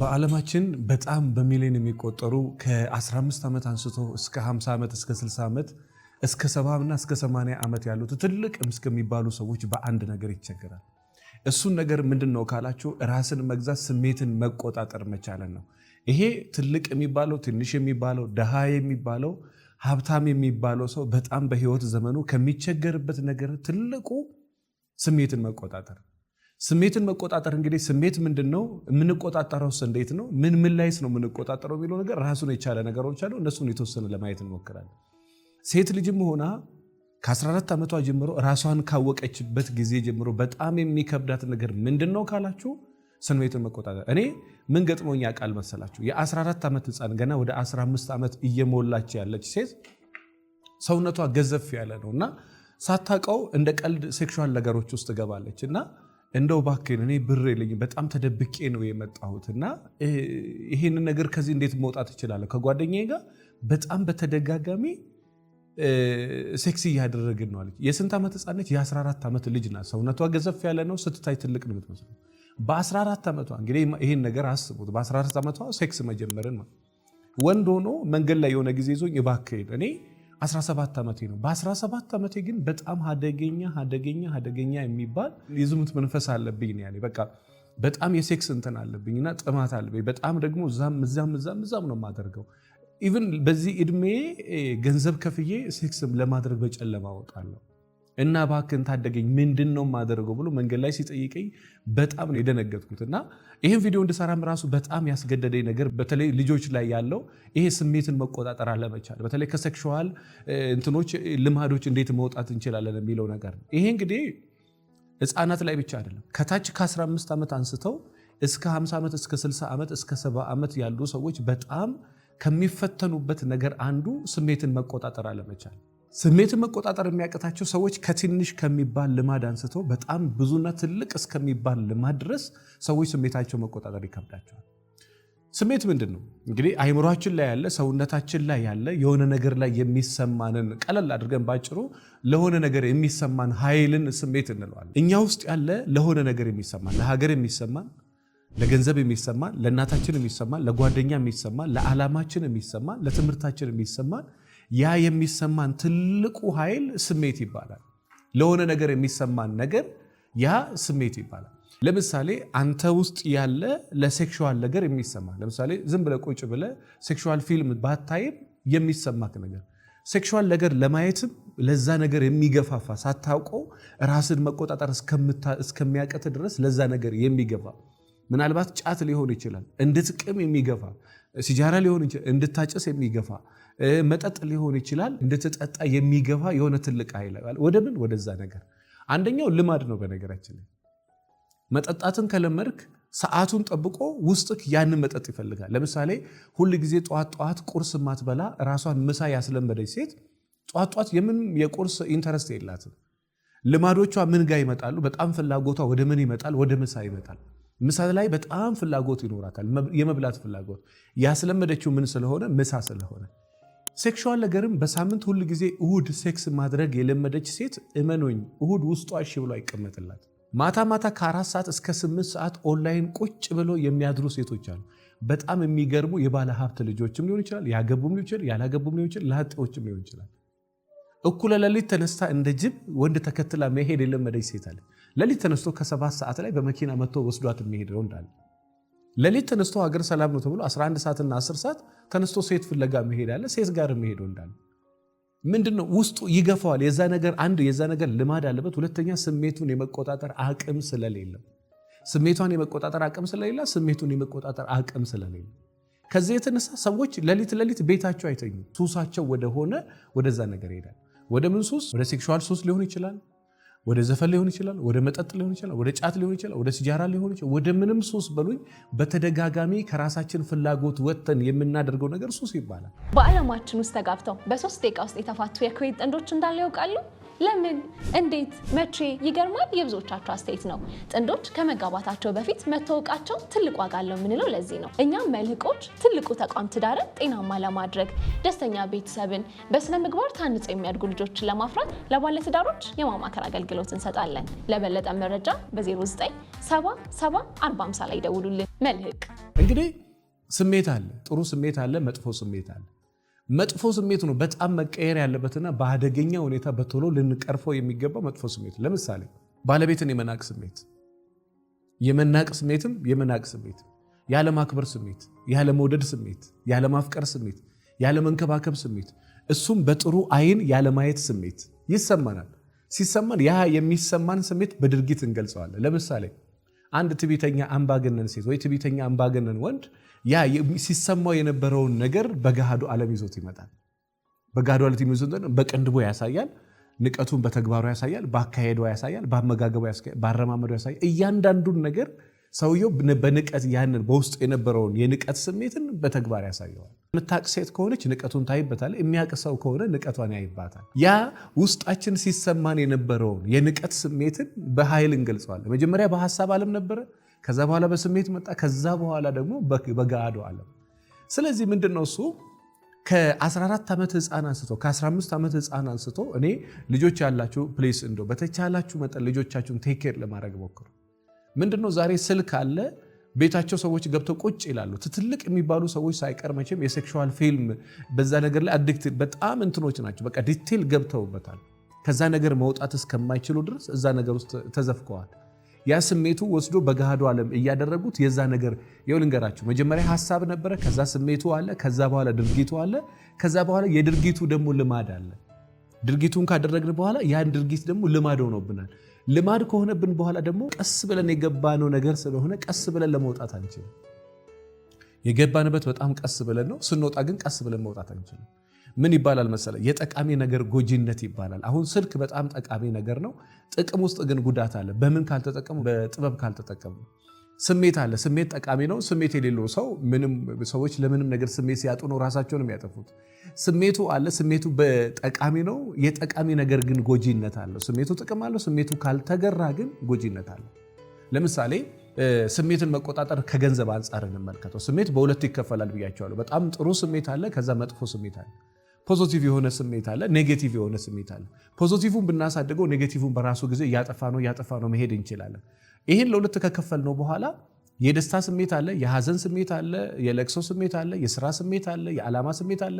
በዓለማችን በጣም በሚሊዮን የሚቆጠሩ ከ15 ዓመት አንስቶ እስከ 50 ዓመት እስከ 60 ዓመት እስከ 70 እና እስከ 80 ዓመት ያሉት ትልቅ እስከሚባሉ ሰዎች በአንድ ነገር ይቸገራል። እሱን ነገር ምንድን ነው ካላችሁ ራስን መግዛት፣ ስሜትን መቆጣጠር መቻለን ነው። ይሄ ትልቅ የሚባለው ትንሽ የሚባለው ደሃ የሚባለው ሀብታም የሚባለው ሰው በጣም በህይወት ዘመኑ ከሚቸገርበት ነገር ትልቁ ስሜትን መቆጣጠር ስሜትን መቆጣጠር እንግዲህ ስሜት ምንድን ነው? የምንቆጣጠረውስ እንዴት ነው? ምን ምን ላይስ ነው የምንቆጣጠረው የሚለው ነገር ራሱን የቻለ ነገሮች አሉ። እነሱን የተወሰነ ለማየት እንሞክራለን። ሴት ልጅም ሆና ከ14 ዓመቷ ጀምሮ ራሷን ካወቀችበት ጊዜ ጀምሮ በጣም የሚከብዳት ነገር ምንድን ነው ካላችሁ ስሜትን መቆጣጠር። እኔ ምን ገጥሞኛ ቃል መሰላችሁ? የ14 ዓመት ህፃን ገና ወደ 15 ዓመት እየሞላች ያለች ሴት ሰውነቷ ገዘፍ ያለ ነው እና ሳታውቀው እንደ ቀልድ ሴክሹዋል ነገሮች ውስጥ ትገባለች እና እንደው እባክህን እኔ ብር የለኝም በጣም ተደብቄ ነው የመጣሁት እና ይሄንን ነገር ከዚህ እንዴት መውጣት እችላለሁ? ከጓደኛዬ ጋር በጣም በተደጋጋሚ ሴክስ እያደረግን ነው አለች። የስንት ዓመት ህፃነች የ14 ዓመት ልጅ ናት። ሰውነቷ ገዘፍ ያለ ነው፣ ስትታይ ትልቅ ነው የምትመስለው። በ14 ዓመቷ እንግዲህ ይህን ነገር አስቡት። በ14 ዓመቷ ሴክስ መጀመርን ወንድ ሆኖ መንገድ ላይ የሆነ ጊዜ ይዞኝ እባክህን እኔ 17 ዓመቴ ነው። በ17 ዓመቴ ግን በጣም አደገኛ አደገኛ አደገኛ የሚባል የዝሙት መንፈስ አለብኝ ነው ያለኝ። በቃ በጣም የሴክስ እንትን አለብኝ እና ጥማት አለብኝ። በጣም ደግሞ እዛም እዛም እዛም እዛም ነው የማደርገው። ኢቭን በዚህ እድሜ ገንዘብ ከፍዬ ሴክስ ለማድረግ በጨለማ እወጣለሁ። እና እባክህን ታደገኝ ምንድን ነው የማደርገው ብሎ መንገድ ላይ ሲጠይቀኝ በጣም ነው የደነገጥኩት። እና ይህን ቪዲዮ እንድሰራም ራሱ በጣም ያስገደደኝ ነገር በተለይ ልጆች ላይ ያለው ይሄ ስሜትን መቆጣጠር አለመቻል፣ በተለይ ከሴክሹዋል እንትኖች ልማዶች እንዴት መውጣት እንችላለን የሚለው ነገር ነው። ይሄ እንግዲህ ህፃናት ላይ ብቻ አይደለም። ከታች ከ15 ዓመት አንስተው እስከ 50 ዓመት እስከ 60 ዓመት እስከ 70 ዓመት ያሉ ሰዎች በጣም ከሚፈተኑበት ነገር አንዱ ስሜትን መቆጣጠር አለመቻል ስሜትን መቆጣጠር የሚያቀታቸው ሰዎች ከትንሽ ከሚባል ልማድ አንስተው በጣም ብዙና ትልቅ እስከሚባል ልማድ ድረስ ሰዎች ስሜታቸው መቆጣጠር ይከብዳቸዋል። ስሜት ምንድን ነው? እንግዲህ አይምሯችን ላይ ያለ ሰውነታችን ላይ ያለ የሆነ ነገር ላይ የሚሰማንን ቀለል አድርገን ባጭሩ ለሆነ ነገር የሚሰማን ኃይልን ስሜት እንለዋለን። እኛ ውስጥ ያለ ለሆነ ነገር የሚሰማን ለሀገር የሚሰማን ለገንዘብ የሚሰማን ለእናታችን የሚሰማን ለጓደኛ የሚሰማን ለዓላማችን የሚሰማን ለትምህርታችን የሚሰማን ያ የሚሰማን ትልቁ ኃይል ስሜት ይባላል። ለሆነ ነገር የሚሰማን ነገር ያ ስሜት ይባላል። ለምሳሌ አንተ ውስጥ ያለ ለሴክሹዋል ነገር የሚሰማ ለምሳሌ ዝም ብለህ ቁጭ ብለህ ሴክሹዋል ፊልም ባታይም የሚሰማክ ነገር ሴክሹዋል ነገር ለማየትም ለዛ ነገር የሚገፋፋ ሳታውቀው ራስን መቆጣጠር እስከሚያቀት ድረስ ለዛ ነገር የሚገፋ ምናልባት ጫት ሊሆን ይችላል እንድትቅም የሚገፋ ሲጃራ ሊሆን ይችላል፣ እንድታጨስ የሚገፋ መጠጥ ሊሆን ይችላል፣ እንድትጠጣ የሚገፋ የሆነ ትልቅ ኃይል ወደ ምን ወደዛ ነገር። አንደኛው ልማድ ነው። በነገራችን ላይ መጠጣትን ከለመድክ ሰዓቱን ጠብቆ ውስጥክ ያንን መጠጥ ይፈልጋል። ለምሳሌ ሁል ጊዜ ጠዋት ጠዋት ቁርስ ማትበላ ራሷን ምሳ ያስለመደች ሴት ጠዋት ጠዋት የምን የቁርስ ኢንተረስት የላትም። ልማዶቿ ምን ጋር ይመጣሉ? በጣም ፍላጎቷ ወደ ምን ይመጣል? ወደ ምሳ ይመጣል። ምሳ ላይ በጣም ፍላጎት ይኖራታል፣ የመብላት ፍላጎት ያስለመደችው ምን ስለሆነ ምሳ ስለሆነ። ሴክሹዋል ነገርም በሳምንት ሁል ጊዜ እሁድ ሴክስ ማድረግ የለመደች ሴት እመኖኝ እሁድ ውስጧ እሺ ብሎ አይቀመጥላት። ማታ ማታ ከአራት ሰዓት እስከ ስምንት ሰዓት ኦንላይን ቁጭ ብሎ የሚያድሩ ሴቶች አሉ። በጣም የሚገርሙ የባለ ሀብት ልጆችም ሊሆን ይችላል፣ ያገቡም ሊሆን ይችላል፣ ያላገቡም ሊሆን ይችላል፣ ላጤዎችም ሊሆን ይችላል። እኩለ ሌሊት ተነስታ እንደ ጅብ ወንድ ተከትላ መሄድ የለመደች ሴት አለች። ለሊት ተነስቶ ከሰባት ሰዓት ላይ በመኪና መጥቶ ወስዷት የሚሄደው እንዳለ። ለሊት ተነስቶ ሀገር ሰላም ነው ተብሎ 11 ሰዓትና 10 ሰዓት ተነስቶ ሴት ፍለጋ መሄድ አለ። ሴት ጋር የሚሄደው እንዳለ ምንድን ነው ውስጡ ይገፋዋል። የዛ ነገር አንድ የዛ ነገር ልማድ አለበት። ሁለተኛ ስሜቱን የመቆጣጠር አቅም ስለሌለ ስሜቷን የመቆጣጠር አቅም ስለሌላ ስሜቱን የመቆጣጠር አቅም ስለሌለ ከዚህ የተነሳ ሰዎች ለሊት ለሊት ቤታቸው አይተኙ። ሱሳቸው ወደሆነ ወደዛ ነገር ይሄዳል። ወደ ምን ሱስ? ወደ ሴክሹዋል ሱስ ሊሆን ይችላል ወደ ዘፈን ሊሆን ይችላል፣ ወደ መጠጥ ሊሆን ይችላል፣ ወደ ጫት ሊሆን ይችላል፣ ወደ ሲጃራ ሊሆን ይችላል፣ ወደ ምንም ሱስ በሉኝ። በተደጋጋሚ ከራሳችን ፍላጎት ወጥተን የምናደርገው ነገር ሱስ ይባላል። በዓለማችን ውስጥ ተጋብተው በሶስት ደቂቃ ውስጥ የተፋቱ የኩዌት ጥንዶች እንዳለ ያውቃሉ? ለምን፣ እንዴት፣ መቼ? ይገርማል። የብዙዎቻቸው አስተያየት ነው። ጥንዶች ከመጋባታቸው በፊት መተዋወቃቸው ትልቅ ዋጋ አለው የምንለው ለዚህ ነው። እኛም መልህቆች ትልቁ ተቋም ትዳርን ጤናማ ለማድረግ ደስተኛ ቤተሰብን በስነ ምግባር ታንጸው የሚያድጉ ልጆችን ለማፍራት ለባለትዳሮች የማማከር አገልግሎት እንሰጣለን። ለበለጠ መረጃ በ097745 ላይ ደውሉልን መልህቅ እንግዲህ ስሜት አለ፣ ጥሩ ስሜት አለ፣ መጥፎ ስሜት አለ። መጥፎ ስሜት ነው። በጣም መቀየር ያለበትና በአደገኛ ሁኔታ በቶሎ ልንቀርፈው የሚገባው መጥፎ ስሜት ለምሳሌ ባለቤትን የመናቅ ስሜት፣ የመናቅ ስሜትም የመናቅ ስሜት፣ ያለማክበር ስሜት፣ ያለመውደድ ስሜት፣ ያለማፍቀር ስሜት፣ ያለመንከባከብ ስሜት፣ እሱም በጥሩ አይን ያለማየት ስሜት ይሰማናል። ሲሰማን ያ የሚሰማን ስሜት በድርጊት እንገልጸዋለን። ለምሳሌ አንድ ትቢተኛ አምባገነን ሴት ወይ ትቢተኛ አምባገነን ወንድ ያ ሲሰማው የነበረውን ነገር በገሃዱ ዓለም ይዞት ይመጣል። በገሃዱ ዓለም ይዞት በቅንድቦ ያሳያል፣ ንቀቱን በተግባሩ ያሳያል፣ በአካሄዱ ያሳያል፣ በአመጋገቡ፣ በአረማመዱ ያሳያል። እያንዳንዱን ነገር ሰውየው በንቀት ያንን በውስጡ የነበረውን የንቀት ስሜትን በተግባር ያሳየዋል። የምታቅ ሴት ከሆነች ንቀቱን ታይበታል። የሚያቅ ሰው ከሆነ ንቀቷን ያይባታል። ያ ውስጣችን ሲሰማን የነበረውን የንቀት ስሜትን በኃይል እንገልጸዋለን። መጀመሪያ በሀሳብ ዓለም ነበረ፣ ከዛ በኋላ በስሜት መጣ፣ ከዛ በኋላ ደግሞ በገሃዱ ዓለም። ስለዚህ ምንድን ነው እሱ ከ14 ዓመት ህፃን አንስቶ ከ15 ዓመት ህፃን አንስቶ እኔ ልጆች ያላችሁ ፕሌስ እንደው በተቻላችሁ መጠን ልጆቻችሁን ቴክ ኬር ለማድረግ ሞክሩ። ምንድነው ዛሬ ስልክ አለ። ቤታቸው ሰዎች ገብተው ቁጭ ይላሉ። ትልቅ የሚባሉ ሰዎች ሳይቀር መቼም የሴክሹዋል ፊልም በዛ ነገር ላይ አዲክት በጣም እንትኖች ናቸው። በቃ ዲቴል ገብተውበታል። ከዛ ነገር መውጣት እስከማይችሉ ድረስ እዛ ነገር ውስጥ ተዘፍቀዋል። ያ ስሜቱ ወስዶ በገሃዱ ዓለም እያደረጉት የዛ ነገር ይኸው ልንገራችሁ። መጀመሪያ ሀሳብ ነበረ፣ ከዛ ስሜቱ አለ፣ ከዛ በኋላ ድርጊቱ አለ፣ ከዛ በኋላ የድርጊቱ ደግሞ ልማድ አለ። ድርጊቱን ካደረግን በኋላ ያን ድርጊት ደግሞ ልማድ ሆኖብናል። ልማድ ከሆነብን በኋላ ደግሞ ቀስ ብለን የገባነው ነገር ስለሆነ ቀስ ብለን ለመውጣት አንችልም። የገባንበት በጣም ቀስ ብለን ነው። ስንወጣ ግን ቀስ ብለን መውጣት አንችልም። ምን ይባላል መሰለ? የጠቃሚ ነገር ጎጂነት ይባላል። አሁን ስልክ በጣም ጠቃሚ ነገር ነው። ጥቅም ውስጥ ግን ጉዳት አለ። በምን ካልተጠቀሙ? በጥበብ ካልተጠቀሙ ስሜት አለ። ስሜት ጠቃሚ ነው። ስሜት የሌለው ሰው ምንም ሰዎች ለምንም ነገር ስሜት ሲያጡ ነው ራሳቸውን የሚያጠፉት። ስሜቱ አለ። ስሜቱ በጠቃሚ ነው። የጠቃሚ ነገር ግን ጎጂነት አለው። ስሜቱ ጥቅም አለው። ስሜቱ ካልተገራ ግን ጎጂነት አለው። ለምሳሌ ስሜትን መቆጣጠር ከገንዘብ አንጻር እንመልከተው። ስሜት በሁለት ይከፈላል ብያቸዋለሁ። በጣም ጥሩ ስሜት አለ። ከዛ መጥፎ ስሜት አለ። ፖዚቲቭ የሆነ ስሜት አለ፣ ኔጌቲቭ የሆነ ስሜት አለ። ፖዚቲቭን ብናሳድገው ኔጌቲቭን በራሱ ጊዜ እያጠፋ ነው እያጠፋ ነው መሄድ እንችላለን። ይህን ለሁለት ከከፈል ነው በኋላ የደስታ ስሜት አለ፣ የሀዘን ስሜት አለ፣ የለቅሶ ስሜት አለ፣ የስራ ስሜት አለ፣ የዓላማ ስሜት አለ፣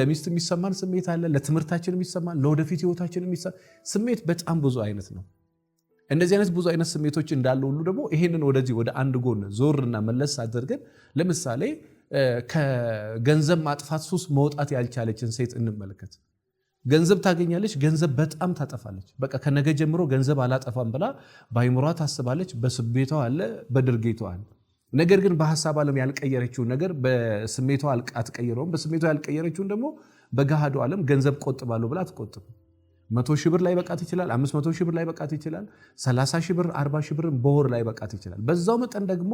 ለሚስት የሚሰማን ስሜት አለ፣ ለትምህርታችን የሚሰማን ለወደፊት ህይወታችን ስሜት በጣም ብዙ አይነት ነው። እንደዚህ አይነት ብዙ አይነት ስሜቶች እንዳለ ሁሉ ደግሞ ይሄንን ወደዚህ ወደ አንድ ጎን ዞርና መለስ አድርገን ለምሳሌ ከገንዘብ ማጥፋት ሱስ መውጣት ያልቻለችን ሴት እንመልከት። ገንዘብ ታገኛለች፣ ገንዘብ በጣም ታጠፋለች። በቃ ከነገ ጀምሮ ገንዘብ አላጠፋም ብላ በአይምሯ ታስባለች። በስቤቷ አለ፣ በድርጊቷ አለ። ነገር ግን በሀሳብ ዓለም ያልቀየረችውን ነገር በስሜቷ አትቀይረውም። በስሜቷ ያልቀየረችውን ደግሞ በገሃዱ ዓለም ገንዘብ ቆጥባለሁ ብላ አትቆጥብ። መቶ ሺህ ብር ላይ በቃት ይችላል። አምስት መቶ ሺህ ብር ላይ በቃት ይችላል። ሰላሳ ሺህ ብር፣ አርባ ሺህ ብር በወር ላይ በቃት ይችላል። በዛው መጠን ደግሞ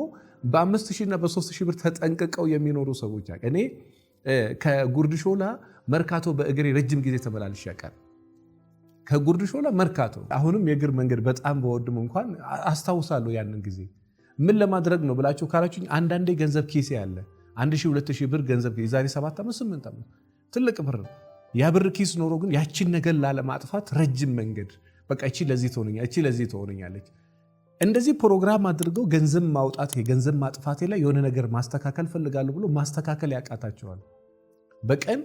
በአምስት ሺህ እና በሶስት ሺህ ብር ተጠንቅቀው የሚኖሩ ሰዎች እኔ ከጉርድሾላ መርካቶ በእግሬ ረጅም ጊዜ ተመላልሽ ያውቃል። ከጉርድሾላ መርካቶ አሁንም የእግር መንገድ በጣም በወድም እንኳን አስታውሳለሁ። ያንን ጊዜ ምን ለማድረግ ነው ብላችሁ ካላችሁ አንዳንዴ ገንዘብ ኬሴ ያለ 1200 ብር ገንዘብ የዛሬ 7 ዓመት 8 ዓመት ትልቅ ብር ነው። ያ ብር ኪስ ኖሮ ግን ያችን ነገር ላለማጥፋት ረጅም መንገድ በቃ እቺ ለዚህ ትሆነኛለች፣ እቺ ለዚህ ትሆነኛለች። እንደዚህ ፕሮግራም አድርገው ገንዘብ ማውጣት የገንዘብ ማጥፋቴ ላይ የሆነ ነገር ማስተካከል ፈልጋለሁ ብሎ ማስተካከል ያቃታቸዋል። በቀን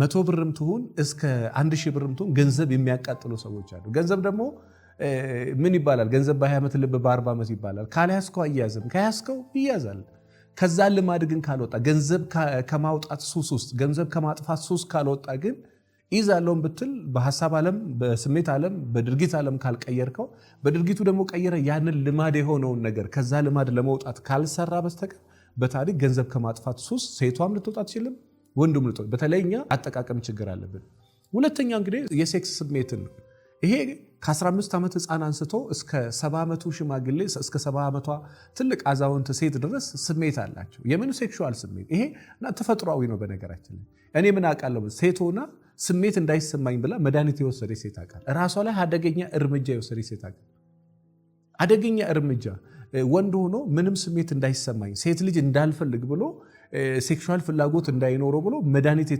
መቶ ብርም ትሁን እስከ አንድ ሺህ ብርም ትሁን ገንዘብ የሚያቃጥሉ ሰዎች አሉ። ገንዘብ ደግሞ ምን ይባላል? ገንዘብ በ20 ዓመት ልብ በ40 ዓመት ይባላል። ካልያዝከው አያዝም፣ ከያዝከው ይያዛል። ከዛ ልማድ ግን ካልወጣ ገንዘብ ከማውጣት ሱስ ውስጥ ገንዘብ ከማጥፋት ሱስ ካልወጣ ግን ይዛለውን ብትል በሀሳብ ዓለም በስሜት ዓለም በድርጊት ዓለም ካልቀየርከው በድርጊቱ ደግሞ ቀየረ ያንን ልማድ የሆነውን ነገር ከዛ ልማድ ለመውጣት ካልሰራ በስተቀር በታሪክ ገንዘብ ከማጥፋት ሱስ ሴቷም ልትወጣ አትችልም። ወንዱም ልቶ በተለይ እኛ አጠቃቀም ችግር አለብን። ሁለተኛ እንግዲህ የሴክስ ስሜትን ነው። ይሄ ከ15 ዓመት ህፃን አንስቶ እስከ 70 ዓመቱ ሽማግሌ እስከ 70 ዓመቷ ትልቅ አዛውንት ሴት ድረስ ስሜት አላቸው። የምን ሴክሹዋል ስሜት ይሄ እና ተፈጥሯዊ ነው። በነገራችን ላይ እኔ ምን አውቃለሁ ሴቶና ስሜት እንዳይሰማኝ ብላ መድኃኒት የወሰደ ሴት አውቃለሁ። እራሷ ላይ አደገኛ እርምጃ የወሰደ ሴት አውቃለሁ። አደገኛ እርምጃ ወንድ ሆኖ ምንም ስሜት እንዳይሰማኝ ሴት ልጅ እንዳልፈልግ ብሎ ሴክሹዋል ፍላጎት እንዳይኖረው ብሎ መድኃኒት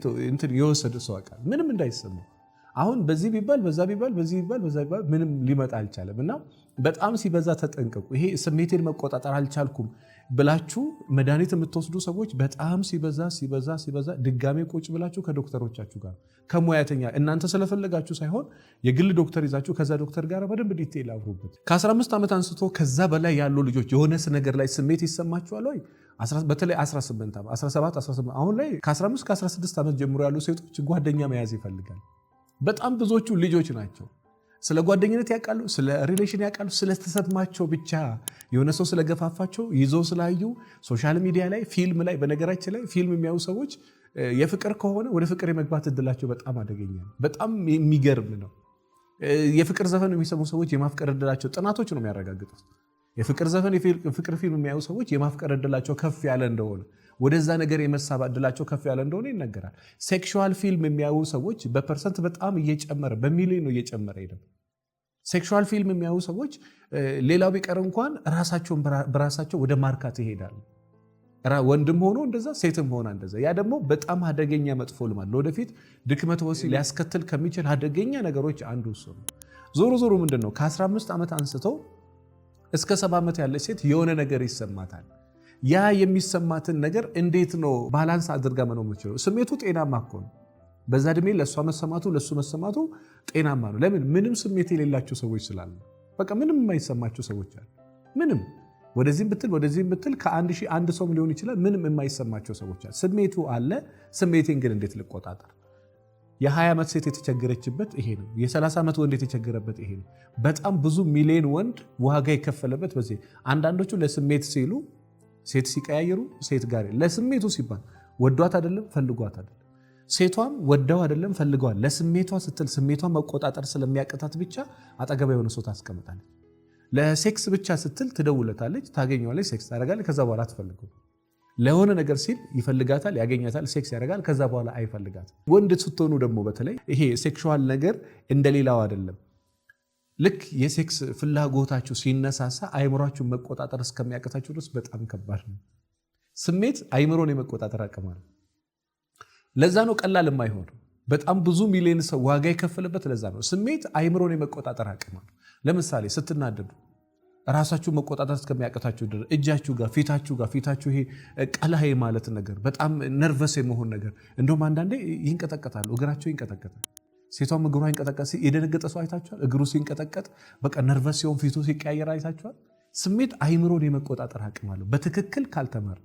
የወሰደ ሰው ቃ ምንም እንዳይሰማው አሁን በዚህ ቢባል በዛ ቢባል በዚህ ቢባል በዛ ቢባል ምንም ሊመጣ አልቻለም። እና በጣም ሲበዛ ተጠንቀቁ። ይሄ ስሜቴን መቆጣጠር አልቻልኩም ብላችሁ መድኃኒት የምትወስዱ ሰዎች በጣም ሲበዛ ሲበዛ ሲበዛ ድጋሜ ቁጭ ብላችሁ ከዶክተሮቻችሁ ጋር ከሙያተኛ እናንተ ስለፈለጋችሁ ሳይሆን የግል ዶክተር ይዛችሁ ከዛ ዶክተር ጋር በደንብ ዲቴል አብሩበት። ከ15 ዓመት አንስቶ ከዛ በላይ ያሉ ልጆች የሆነስ ነገር ላይ ስሜት ይሰማችኋል ወይ? በተለይ 18 17 18 አሁን ላይ ከ15 ከ16 ዓመት ጀምሮ ያሉ ሴቶች ጓደኛ መያዝ ይፈልጋል። በጣም ብዙዎቹ ልጆች ናቸው። ስለ ጓደኝነት ያውቃሉ፣ ስለ ሪሌሽን ያውቃሉ። ስለተሰማቸው ብቻ የሆነ ሰው ስለገፋፋቸው ይዘው ስላዩ ሶሻል ሚዲያ ላይ ፊልም ላይ በነገራችን ላይ ፊልም የሚያዩ ሰዎች የፍቅር ከሆነ ወደ ፍቅር የመግባት እድላቸው በጣም አደገኛ ነው። በጣም የሚገርም ነው። የፍቅር ዘፈን የሚሰሙ ሰዎች የማፍቀር እድላቸው ጥናቶች ነው የሚያረጋግጡት የፍቅር ዘፈን የፍቅር ፊልም የሚያዩ ሰዎች የማፍቀር እድላቸው ከፍ ያለ እንደሆነ ወደዛ ነገር የመሳብ እድላቸው ከፍ ያለ እንደሆነ ይነገራል። ሴክሹዋል ፊልም የሚያዩ ሰዎች በፐርሰንት በጣም እየጨመረ በሚሊዮን ነው እየጨመረ ሄደ። ሴክሹዋል ፊልም የሚያዩ ሰዎች ሌላው ቢቀር እንኳን ራሳቸውን በራሳቸው ወደ ማርካት ይሄዳሉ። ወንድም ሆኖ እንደዛ ሴትም ሆና እንደዛ። ያ ደግሞ በጣም አደገኛ መጥፎ ልማድ ለወደፊት ድክመት ወሲብ ሊያስከትል ከሚችል አደገኛ ነገሮች አንዱ እሱ ነው። ዞሮ ዞሮ ምንድን ነው ከ15 ዓመት አንስተው እስከ ሰባ ዓመት ያለች ሴት የሆነ ነገር ይሰማታል። ያ የሚሰማትን ነገር እንዴት ነው ባላንስ አድርጋ መኖር የምችለው? ስሜቱ ጤናማ እኮ ነው። በዛ እድሜ ለእሷ መሰማቱ ለእሱ መሰማቱ ጤናማ ነው። ለምን ምንም ስሜት የሌላቸው ሰዎች ስላሉ፣ በቃ ምንም የማይሰማቸው ሰዎች አሉ። ምንም ወደዚህም ብትል ወደዚህም ብትል ከአንድ ሺህ አንድ ሰውም ሊሆን ይችላል። ምንም የማይሰማቸው ሰዎች አሉ። ስሜቱ አለ። ስሜቴን ግን እንዴት ልቆጣጠር የ20 ዓመት ሴት የተቸገረችበት ይሄ ነው። የ30 ዓመት ወንድ የተቸገረበት ይሄ ነው። በጣም ብዙ ሚሊዮን ወንድ ዋጋ የከፈለበት በዚህ አንዳንዶቹ ለስሜት ሲሉ ሴት ሲቀያየሩ ሴት ጋር ለስሜቱ ሲባል ወዷት አይደለም ፈልጓት አይደለም። ሴቷም ወደው አይደለም ፈልገዋል። ለስሜቷ ስትል ስሜቷ መቆጣጠር ስለሚያቀታት ብቻ አጠገብ የሆነ ሰው ታስቀምጣለች። ለሴክስ ብቻ ስትል ትደውለታለች፣ ታገኘዋለች፣ ሴክስ ታደርጋለች። ከዛ በኋላ ትፈልገው። ለሆነ ነገር ሲል ይፈልጋታል፣ ያገኛታል፣ ሴክስ ያደርጋል። ከዛ በኋላ አይፈልጋትም። ወንድ ስትሆኑ ደግሞ በተለይ ይሄ ሴክሹዋል ነገር እንደሌላው አይደለም። ልክ የሴክስ ፍላጎታችሁ ሲነሳሳ አይምሯችሁን መቆጣጠር እስከሚያቀታችሁ ድረስ በጣም ከባድ ነው። ስሜት አይምሮን የመቆጣጠር አቅም አለ። ለዛ ነው ቀላል የማይሆን በጣም ብዙ ሚሊዮን ሰው ዋጋ የከፈለበት። ለዛ ነው ስሜት አይምሮን የመቆጣጠር አቅም አለ። ለምሳሌ ስትናደዱ ራሳችሁ መቆጣጠር እስከሚያቀታችሁ ድረስ እጃችሁ ጋር ፊታችሁ ጋር ፊታችሁ ይሄ ቀላ ማለት ነገር በጣም ነርቨስ የመሆን ነገር እንደውም አንዳንዴ ይንቀጠቀጣሉ፣ እግራቸው ይንቀጠቀጣል። ሴቷም እግሯ ይንቀጠቀጥ፣ የደነገጠ ሰው አይታችኋል? እግሩ ሲንቀጠቀጥ በቃ ነርቨስ ሲሆን ፊቱ ሲቀያየር አይታችኋል? ስሜት አይምሮን የመቆጣጠር አቅም አለው በትክክል ካልተመራ።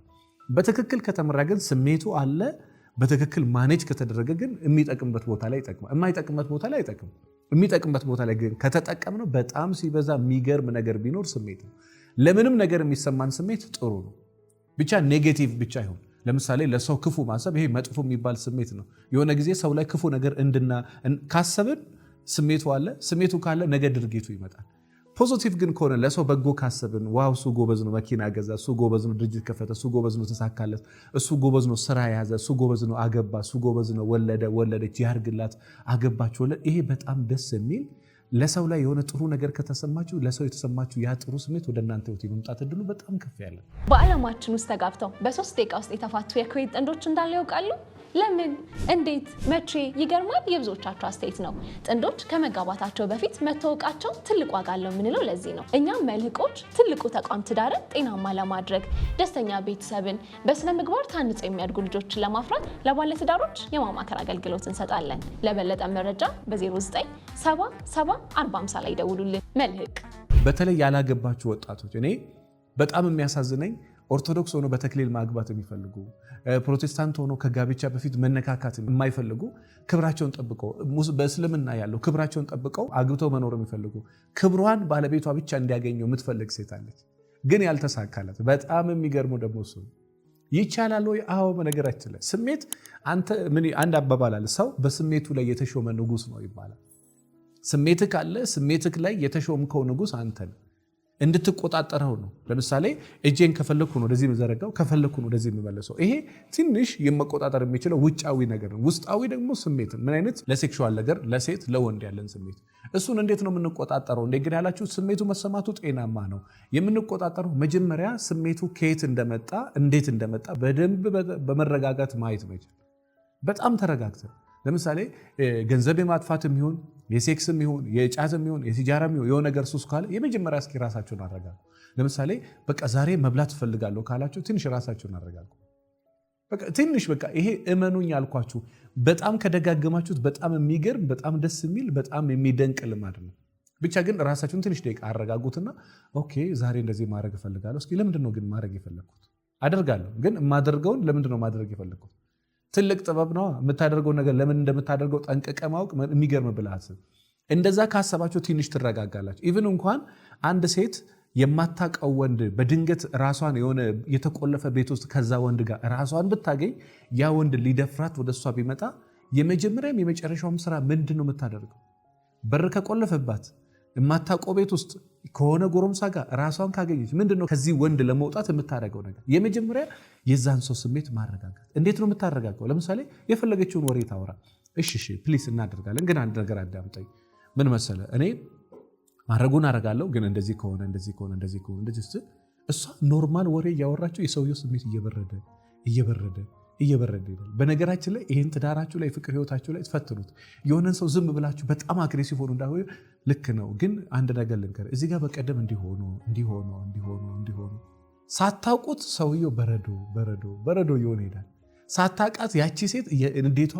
በትክክል ከተመራ ግን ስሜቱ አለ። በትክክል ማኔጅ ከተደረገ ግን የሚጠቅምበት ቦታ ላይ ይጠቅማል፣ የማይጠቅምበት ቦታ ላይ አይጠቅም። የሚጠቅምበት ቦታ ላይ ግን ከተጠቀምነው በጣም ሲበዛ የሚገርም ነገር ቢኖር ስሜት ነው። ለምንም ነገር የሚሰማን ስሜት ጥሩ ነው፣ ብቻ ኔጌቲቭ ብቻ ይሁን። ለምሳሌ ለሰው ክፉ ማሰብ፣ ይሄ መጥፎ የሚባል ስሜት ነው። የሆነ ጊዜ ሰው ላይ ክፉ ነገር እንድና ካሰብን ስሜቱ አለ። ስሜቱ ካለ ነገ ድርጊቱ ይመጣል። ፖዚቲቭ ግን ከሆነ ለሰው በጎ ካሰብን፣ ዋው እሱ ጎበዝ ነው፣ መኪና ገዛ፣ እሱ ጎበዝ ነው፣ ድርጅት ከፈተ፣ እሱ ጎበዝ ነው፣ ተሳካለት፣ እሱ ጎበዝ ነው፣ ስራ ያዘ፣ እሱ ጎበዝ ነው፣ አገባ፣ እሱ ጎበዝ ነው፣ ወለደ፣ ወለደች፣ ያርግላት፣ አገባች፣ ወለደ። ይሄ በጣም ደስ የሚል ለሰው ላይ የሆነ ጥሩ ነገር ከተሰማችሁ ለሰው የተሰማችሁ ያ ጥሩ ስሜት ወደ እናንተ ህይወት የመምጣት እድሉ በጣም ከፍ ያለ። በዓለማችን ውስጥ ተጋብተው በሶስት ደቂቃ ውስጥ የተፋቱ የኩዌት ጥንዶች እንዳለ ያውቃሉ? ለምን፣ እንዴት፣ መቼ? ይገርማል። የብዙዎቻቸው አስተያየት ነው። ጥንዶች ከመጋባታቸው በፊት መታወቃቸው ትልቅ ዋጋ አለው የምንለው ለዚህ ነው። እኛም መልህቆች ትልቁ ተቋም ትዳርን ጤናማ ለማድረግ ደስተኛ ቤተሰብን በስነ ምግባር ታንጸው የሚያድጉ ልጆችን ለማፍራት ለባለትዳሮች የማማከር አገልግሎት እንሰጣለን። ለበለጠ መረጃ በ 450 ላይ ደውሉልን መልህቅ በተለይ ያላገባችሁ ወጣቶች እኔ በጣም የሚያሳዝነኝ ኦርቶዶክስ ሆኖ በተክሊል ማግባት የሚፈልጉ ፕሮቴስታንት ሆኖ ከጋብቻ በፊት መነካካት የማይፈልጉ ክብራቸውን ጠብቀው በእስልምና ያለው ክብራቸውን ጠብቀው አግብተው መኖር የሚፈልጉ ክብሯን ባለቤቷ ብቻ እንዲያገኘው የምትፈልግ ሴት አለች፣ ግን ያልተሳካላት። በጣም የሚገርመው ደግሞ እሱ ይቻላል ወይ? አዎ። በነገራችን ላይ ስሜት አንድ አባባል አለ፣ ሰው በስሜቱ ላይ የተሾመ ንጉስ ነው ይባላል። ስሜትህ ካለ ስሜትህ ላይ የተሾምከው ንጉስ አንተ ነው። እንድትቆጣጠረው ነው። ለምሳሌ እጄን ከፈለግኩ ነው ወደዚህ የምዘረጋው፣ ከፈለግኩ ነው ወደዚህ የምመለሰው። ይሄ ትንሽ የመቆጣጠር የሚችለው ውጫዊ ነገር ነው። ውስጣዊ ደግሞ ስሜት ምን አይነት ለሴክሹዋል ነገር ለሴት ለወንድ ያለን ስሜት እሱን እንዴት ነው የምንቆጣጠረው? እንደ እንግዲህ ያላችሁ ስሜቱ መሰማቱ ጤናማ ነው። የምንቆጣጠረው መጀመሪያ ስሜቱ ከየት እንደመጣ እንዴት እንደመጣ በደንብ በመረጋጋት ማየት መቻል በጣም ተረጋግተን ለምሳሌ ገንዘብ የማጥፋትም ይሁን የሴክስም ይሁን የጫትም ይሁን የሲጃራም ይሁን የሆነ ነገር ሱስ ካለ የመጀመሪያ እስኪ ራሳቸውን አረጋጉ። ለምሳሌ በቃ ዛሬ መብላት ፈልጋለሁ ካላቸው ትንሽ ራሳቸውን አረጋጉ። ትንሽ በቃ ይሄ እመኑኝ ያልኳችሁ በጣም ከደጋገማችሁት በጣም የሚገርም በጣም ደስ የሚል በጣም የሚደንቅ ልማድ ነው። ብቻ ግን ራሳችሁን ትንሽ ደቂቃ አረጋጉትና ኦኬ ዛሬ እንደዚህ ማድረግ እፈልጋለሁ። እስኪ ለምንድን ነው ግን ማድረግ የፈለግኩት? አደርጋለሁ ግን የማደርገውን ለምንድን ነው ማድረግ የፈለግኩት? ትልቅ ጥበብ ነው። የምታደርገው ነገር ለምን እንደምታደርገው ጠንቀቀ ማወቅ የሚገርም ብልሃት። እንደዛ ካሰባችሁ ትንሽ ትረጋጋላችሁ። ኢቭን እንኳን አንድ ሴት የማታቀው ወንድ በድንገት ራሷን የሆነ የተቆለፈ ቤት ውስጥ ከዛ ወንድ ጋር ራሷን ብታገኝ ያ ወንድ ሊደፍራት ወደ እሷ ቢመጣ የመጀመሪያም የመጨረሻውም ስራ ምንድን ነው የምታደርገው? በር ከቆለፈባት የማታውቀው ቤት ውስጥ ከሆነ ጎረምሳ ጋር ራሷን ካገኘች ምንድነው ከዚህ ወንድ ለመውጣት የምታደርገው ነገር? የመጀመሪያ የዛን ሰው ስሜት ማረጋጋት። እንዴት ነው የምታረጋገው? ለምሳሌ የፈለገችውን ወሬ ታወራ፣ እሺ እሺ ፕሊስ እናደርጋለን፣ ግን አንድ ነገር አዳምጠኝ። ምን መሰለ እኔ ማድረጉን አረጋለሁ፣ ግን እንደዚህ ከሆነ እንደዚህ ከሆነ እንደዚህ ከሆነ እንደዚህ እሷ ኖርማል ወሬ እያወራቸው የሰውየው ስሜት እየበረደ እየበረደ እየበረደ ይላል። በነገራችን ላይ ይህን ትዳራችሁ ላይ ፍቅር ህይወታችሁ ላይ ትፈትኑት። የሆነን ሰው ዝም ብላችሁ በጣም አግሬሲቭ ሆኑ እንዳ ልክ ነው፣ ግን አንድ ነገር ልንገር። እዚህ ጋር በቀደም እንዲሆኑ እንዲሆኑ እንዲሆኑ እንዲሆኑ ሳታውቁት ሰውየው በረዶ በረዶ በረዶ እየሆነ ይሄዳል። ሳታውቃት ያቺ ሴት እንዴቷ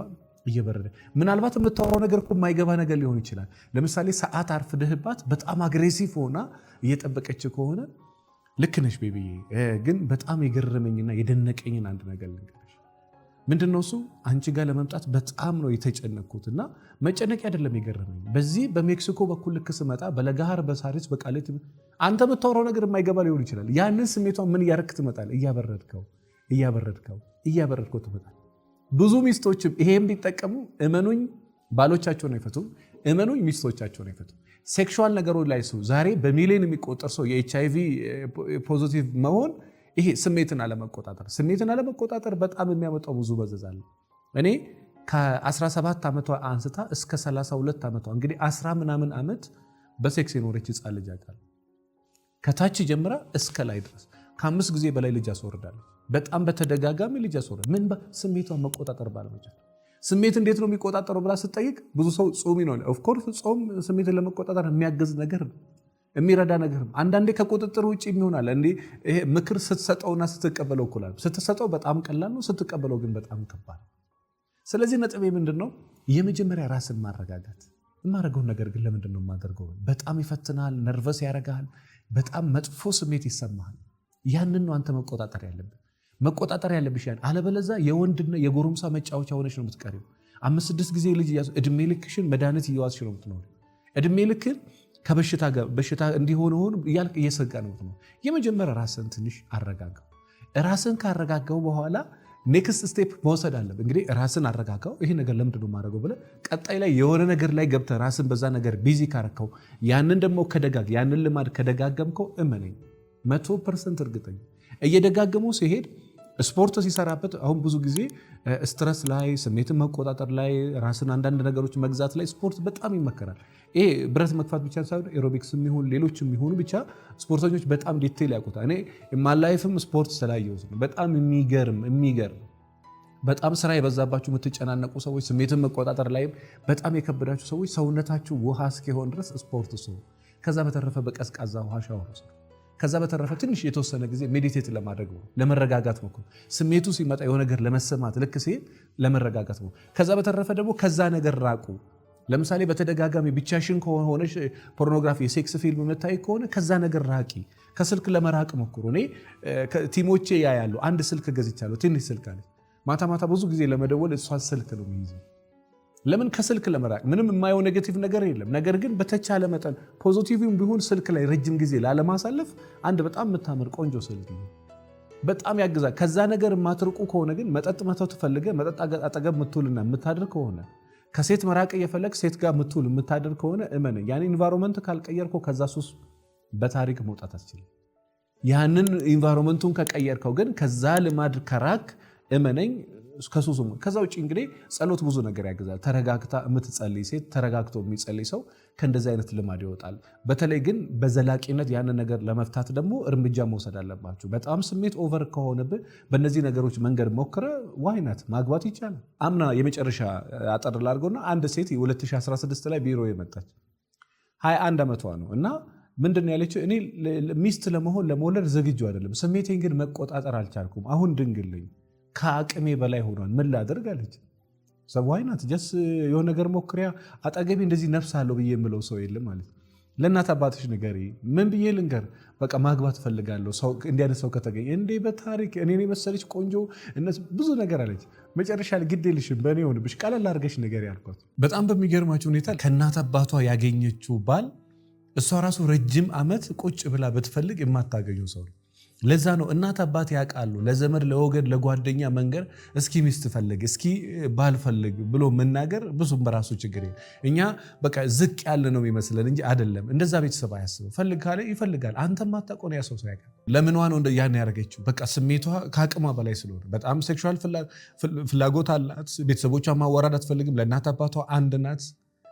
እየበረደ ምናልባት የምታወራው ነገር እኮ የማይገባ ነገር ሊሆን ይችላል። ለምሳሌ ሰዓት አርፍደህባት በጣም አግሬሲቭ ሆና እየጠበቀች ከሆነ ልክ ነሽ ቤቢዬ። ግን በጣም የገረመኝና የደነቀኝን አንድ ነገር ልንገር ምንድነው እሱ አንቺ ጋር ለመምጣት በጣም ነው የተጨነኩት። እና መጨነቅ አይደለም የገረመኝ በዚህ በሜክሲኮ በኩል ልክ ስመጣ በለጋሃር በሳሪስ በቃሌት አንተ የምታወራው ነገር የማይገባ ሊሆን ይችላል ያንን ስሜቷን ምን እያረክ ትመጣል እያበረድከው እያበረድከው እያበረድከው ትመጣል ብዙ ሚስቶችም ይሄም ቢጠቀሙ እመኑኝ ባሎቻቸውን አይፈቱም እመኑኝ ሚስቶቻቸውን አይፈቱም ሴክሹዋል ነገሮች ላይ ሰው ዛሬ በሚሊዮን የሚቆጠር ሰው የኤች አይ ቪ ፖዚቲቭ መሆን ይሄ ስሜትን አለመቆጣጠር ስሜትን አለመቆጣጠር በጣም የሚያመጣው ብዙ መዘዝ አለ። እኔ ከ17 ዓመቷ አንስታ እስከ 32 ዓመቷ እንግዲህ 10 ምናምን ዓመት በሴክስ የኖረች ህፃን ልጅ አውቃለሁ። ከታች ጀምራ እስከ ላይ ድረስ ከአምስት ጊዜ በላይ ልጅ አስወርዳለች። በጣም በተደጋጋሚ ልጅ አስወርዳ ምን ስሜቷን መቆጣጠር ባለመቻል ስሜት እንዴት ነው የሚቆጣጠረው ብላ ስጠይቅ ብዙ ሰው ጾም ነው። ኦፍኮርስ ጾም ስሜትን ለመቆጣጠር የሚያገዝ ነገር ነው። የሚረዳ ነገርም አንዳንዴ ከቁጥጥር ውጭ የሚሆናል። እንዲ ይሄ ምክር ስትሰጠውና ስትቀበለው እኩል አይደለም። ስትሰጠው በጣም ቀላል ነው፣ ስትቀበለው ግን በጣም ከባድ። ስለዚህ ነጥቤ ምንድን ነው? የመጀመሪያ ራስን ማረጋጋት። የማደርገውን ነገር ግን ለምንድን ነው የማደርገው? በጣም ይፈትናል፣ ነርቨስ ያደርግሃል፣ በጣም መጥፎ ስሜት ይሰማሃል። ያንን ነው አንተ መቆጣጠር ያለብህ መቆጣጠር ያለብሽ ያን። አለበለዛ የወንድና የጎረምሳ መጫወቻ ሆነሽ ነው የምትቀሪው። አምስት ስድስት ጊዜ ልጅ እድሜ ልክሽን መድኃኒት እየዋስሽ ነው የምትኖሪው እድሜ ልክን ከበሽታ ጋር በሽታ እንዲሆን ሆን እያልክ እየሰጋ ነው ነው። የመጀመሪያ ራስን ትንሽ አረጋጋው። ራስን ካረጋጋው በኋላ ኔክስት ስቴፕ መውሰድ አለብህ። እንግዲህ ራስን አረጋጋው፣ ይህ ነገር ለምንድን ነው የማደርገው ብለህ ቀጣይ ላይ የሆነ ነገር ላይ ገብተህ ራስን በዛ ነገር ቢዚ ካረከው፣ ያንን ደግሞ ከደጋግ ያንን ልማድ ከደጋገምከው፣ እመነኝ መቶ ፐርሰንት እርግጠኝ እየደጋገመው ሲሄድ ስፖርት ሲሰራበት አሁን ብዙ ጊዜ ስትረስ ላይ ስሜትን መቆጣጠር ላይ ራስን አንዳንድ ነገሮች መግዛት ላይ ስፖርት በጣም ይመከራል። ይሄ ብረት መግፋት ብቻ ሳይሆን ኤሮቢክስ የሚሆን ሌሎች የሚሆኑ ብቻ ስፖርተኞች በጣም ዲቴል ያውቁታል። እኔ የማላይፍም ስፖርት ስላየሁት ነው። በጣም የሚገርም የሚገርም በጣም ስራ የበዛባችሁ የምትጨናነቁ ሰዎች፣ ስሜትን መቆጣጠር ላይም በጣም የከበዳችሁ ሰዎች ሰውነታችሁ ውሃ እስኪሆን ድረስ ስፖርት ስሩ። ከዛ በተረፈ በቀዝቃዛ ውሃ ሻወር ከዛ በተረፈ ትንሽ የተወሰነ ጊዜ ሜዲቴት ለማድረግ ነው፣ ለመረጋጋት ሞክሩ። ስሜቱ ሲመጣ የሆነ ነገር ለመሰማት ልክ ሲል ለመረጋጋት ሞክሩ። ከዛ በተረፈ ደግሞ ከዛ ነገር ራቁ። ለምሳሌ በተደጋጋሚ ብቻሽን ከሆነ ፖርኖግራፊ፣ የሴክስ ፊልም የምታይ ከሆነ ከዛ ነገር ራቂ። ከስልክ ለመራቅ ሞክሩ። እኔ ቲሞቼ ያ ያያሉ። አንድ ስልክ ገዝቻለሁ፣ ትንሽ ስልክ አለ። ማታ ማታ ብዙ ጊዜ ለመደወል እሷ ስልክ ነው የሚይዘው ለምን ከስልክ ለመራቅ ምንም የማየው ኔጌቲቭ ነገር የለም። ነገር ግን በተቻለ መጠን ፖዚቲቭም ቢሆን ስልክ ላይ ረጅም ጊዜ ላለማሳለፍ አንድ በጣም የምታምር ቆንጆ ስልክ በጣም ያግዛል። ከዛ ነገር የማትርቁ ከሆነ ግን መጠጥ መተው ትፈልገ መጠጥ አጠገብ የምትውልና የምታድር ከሆነ ከሴት መራቅ እየፈለግ ሴት ጋር የምትውል የምታድር ከሆነ እመን ያን ኢንቫይሮንመንት ካልቀየርኮ ከዛ ሱስ በታሪክ መውጣት አትችልም። ያንን ኢንቫይሮንመንቱን ከቀየርከው ግን ከዛ ልማድ ከራክ እመነኝ ከሱሱ ከዛ ውጭ እንግዲህ ጸሎት ብዙ ነገር ያግዛል። ተረጋግታ የምትጸልይ ሴት፣ ተረጋግቶ የሚጸልይ ሰው ከእንደዚህ አይነት ልማድ ይወጣል። በተለይ ግን በዘላቂነት ያንን ነገር ለመፍታት ደግሞ እርምጃ መውሰድ አለባቸው በጣም ስሜት ኦቨር ከሆነብህ በእነዚህ ነገሮች መንገድ ሞክረ ዋይነት ማግባት ይቻላል። አምና የመጨረሻ አጠር ላድርገውና አንድ ሴት 2016 ላይ ቢሮ የመጣች 21 ዓመቷ ነው እና ምንድን ያለችው? እኔ ሚስት ለመሆን ለመውለድ ዝግጁ አይደለም፣ ስሜቴን ግን መቆጣጠር አልቻልኩም። አሁን ድንግልኝ ከአቅሜ በላይ ሆኗል። ምን ላደርግ አለች። ሰብይ ጀስ የሆነ ነገር ሞክሪያ አጠገቤ እንደዚህ ነፍስ አለው ብዬ የምለው ሰው የለም ማለት ለእናት አባትሽ ንገሪ፣ ምን ብዬ ልንገር? በቃ ማግባት ፈልጋለሁ እንዲያነት ሰው ከተገኘ እንዴ፣ በታሪክ እኔ የመሰለች ቆንጆ ብዙ ነገር አለች። መጨረሻ ግድ የለሽም በእኔ ሆንብሽ፣ ቀለል አድርገሽ ንገሪ አልኳት። በጣም በሚገርማቸው ሁኔታ ከእናት አባቷ ያገኘችው ባል እሷ ራሱ ረጅም ዓመት ቁጭ ብላ ብትፈልግ የማታገኘው ሰው ነው። ለዛ ነው እናት አባት ያውቃሉ። ለዘመድ ለወገድ ለጓደኛ መንገር እስኪ ሚስት ፈልግ እስኪ ባል ፈልግ ብሎ መናገር ብዙም በራሱ ችግር እኛ በቃ ዝቅ ያለ ነው የሚመስለን እንጂ አይደለም። እንደዛ ቤተሰብ አያስብም። ፈልግ ካለ ይፈልጋል። አንተም አታውቀውን ያሰው ሰው ያውቃል። ነው ያን ያደረገችው? በቃ ስሜቷ ከአቅሟ በላይ ስለሆነ በጣም ሴክሹዋል ፍላጎት አላት። ቤተሰቦቿ ማዋረድ አትፈልግም። ለእናት አባቷ አንድ ናት።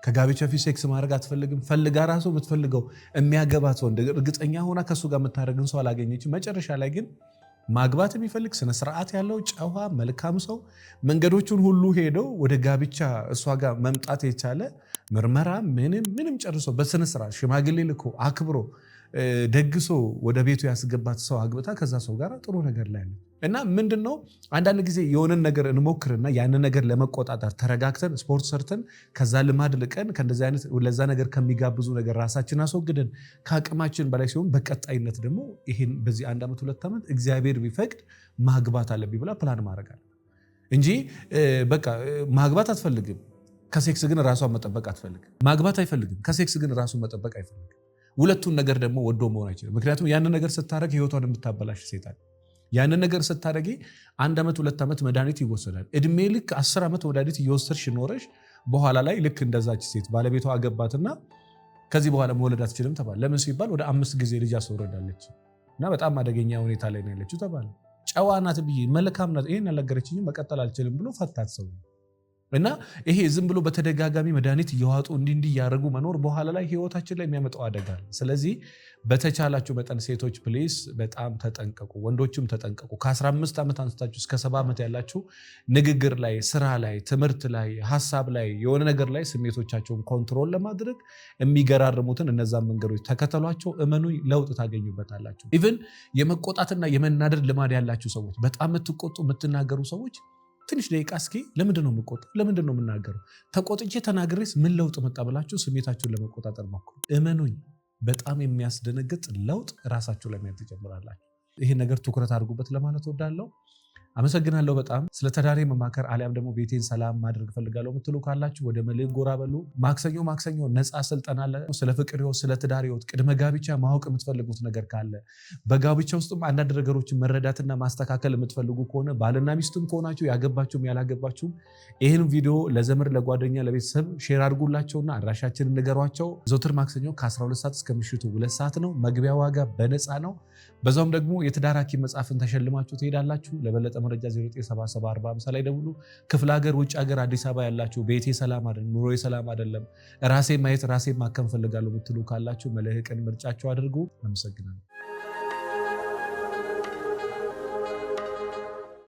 ከጋብቻ ፊት ሴክስ ማድረግ አትፈልግም። ፈልጋ ራሱ የምትፈልገው የሚያገባት ሰው እርግጠኛ ሆና ከእሱ ጋር የምታደረግን ሰው አላገኘችም። መጨረሻ ላይ ግን ማግባት የሚፈልግ ስነስርዓት ያለው ጨዋ መልካም ሰው መንገዶቹን ሁሉ ሄደው ወደ ጋብቻ እሷ ጋር መምጣት የቻለ ምርመራ ምንም ምንም ጨርሶ በስነስርዓት ሽማግሌ ልኮ አክብሮ ደግሶ ወደ ቤቱ ያስገባት ሰው አግብታ ከዛ ሰው ጋር ጥሩ ነገር ላይ ነው እና ምንድን ነው አንዳንድ ጊዜ የሆነን ነገር እንሞክርና ያንን ነገር ለመቆጣጠር ተረጋግተን ስፖርት ሰርተን ከዛ ልማድ ልቀን ከእንደዚህ አይነት ለዛ ነገር ከሚጋብዙ ነገር ራሳችን አስወግደን ከአቅማችን በላይ ሲሆን በቀጣይነት ደግሞ ይህን በዚህ አንድ ዓመት ሁለት ዓመት እግዚአብሔር ቢፈቅድ ማግባት አለብኝ ብላ ፕላን ማድረጋል እንጂ በቃ ማግባት አትፈልግም ከሴክስ ግን ራሷን መጠበቅ አትፈልግም። ማግባት አይፈልግም ከሴክስ ግን ራሱን መጠበቅ አይፈልግም። ሁለቱን ነገር ደግሞ ወዶ መሆን አይችልም። ምክንያቱም ያንን ነገር ስታደረግ ህይወቷን የምታበላሽ ሴጣል። ያንን ነገር ስታደረግ አንድ ዓመት ሁለት ዓመት መድኃኒት ይወሰዳል። እድሜ ልክ አስር ዓመት መድኃኒት እየወሰድሽ ኖረሽ በኋላ ላይ ልክ እንደዛች ሴት ባለቤቷ አገባትና ከዚህ በኋላ መውለድ አትችልም ተባለ። ለምን ሲባል ወደ አምስት ጊዜ ልጅ አስወረዳለች እና በጣም አደገኛ ሁኔታ ላይ ነው ያለችው ተባለ። ጨዋ ናት ብዬ መልካም ናት ይህን ያልነገረችኝ መቀጠል አልችልም ብሎ ፈታት ሰው ነው። እና ይሄ ዝም ብሎ በተደጋጋሚ መድኃኒት እየዋጡ እንዲ እንዲ እያደረጉ መኖር በኋላ ላይ ህይወታችን ላይ የሚያመጣው አደጋ ነው። ስለዚህ በተቻላችሁ መጠን ሴቶች ፕሊስ በጣም ተጠንቀቁ፣ ወንዶችም ተጠንቀቁ። ከ15 ዓመት አንስታችሁ እስከ ሰባ ዓመት ያላችሁ ንግግር ላይ፣ ስራ ላይ፣ ትምህርት ላይ፣ ሀሳብ ላይ የሆነ ነገር ላይ ስሜቶቻቸውን ኮንትሮል ለማድረግ የሚገራርሙትን እነዛን መንገዶች ተከተሏቸው። እመኑ ለውጥ ታገኙበታላችሁ። ኢቨን የመቆጣትና የመናደድ ልማድ ያላችሁ ሰዎች፣ በጣም የምትቆጡ የምትናገሩ ሰዎች ትንሽ ደቂቃ እስኪ ለምንድን ነው የምቆጣው? ለምንድን ነው የምናገረው? ተቆጥቼ ተናግሬስ ምን ለውጥ መጣ ብላችሁ ስሜታችሁን ለመቆጣጠር ሞክሩ። እመኑኝ፣ በጣም የሚያስደነግጥ ለውጥ ራሳችሁ ላይ ትጨምራላችሁ። ይሄን ነገር ትኩረት አድርጉበት ለማለት ወዳለው አመሰግናለሁ በጣም ስለ ተዳሪ መማከር አሊያም ደግሞ ቤቴን ሰላም ማድረግ እፈልጋለሁ የምትሉ ካላችሁ ወደ መልሕቅ ጎራ በሉ። ማክሰኞ ማክሰኞ ነፃ ስልጠና አለ። ስለ ፍቅር ሕይወት፣ ስለ ትዳር ሕይወት፣ ቅድመ ጋብቻ ማወቅ የምትፈልጉት ነገር ካለ በጋብቻ ውስጥም አንዳንድ ነገሮችን መረዳትና ማስተካከል የምትፈልጉ ከሆነ ባልና ሚስትም ከሆናችሁ ያገባችሁም ያላገባችሁም ይህን ቪዲዮ ለዘመድ ለጓደኛ፣ ለቤተሰብ ሼር አድርጉላቸውና አድራሻችንን ንገሯቸው። ዘውትር ማክሰኞ ከ12 ሰዓት እስከ ምሽቱ ሁለት ሰዓት ነው። መግቢያ ዋጋ በነፃ ነው። በዛውም ደግሞ የትዳር ሐኪም መጽሐፍን ተሸልማችሁ ትሄዳላችሁ። ለበለጠ መረጃ 097745 ላይ ደውሉ። ክፍለ ሀገር፣ ውጭ ሀገር፣ አዲስ አበባ ያላችሁ ቤቴ ሰላም አይደለም፣ ኑሮዬ ሰላም አይደለም፣ ራሴ ማየት ራሴ ማከም ፈልጋለሁ ብትሉ ካላችሁ መልህቅን ምርጫችሁ አድርጉ። አመሰግናለሁ።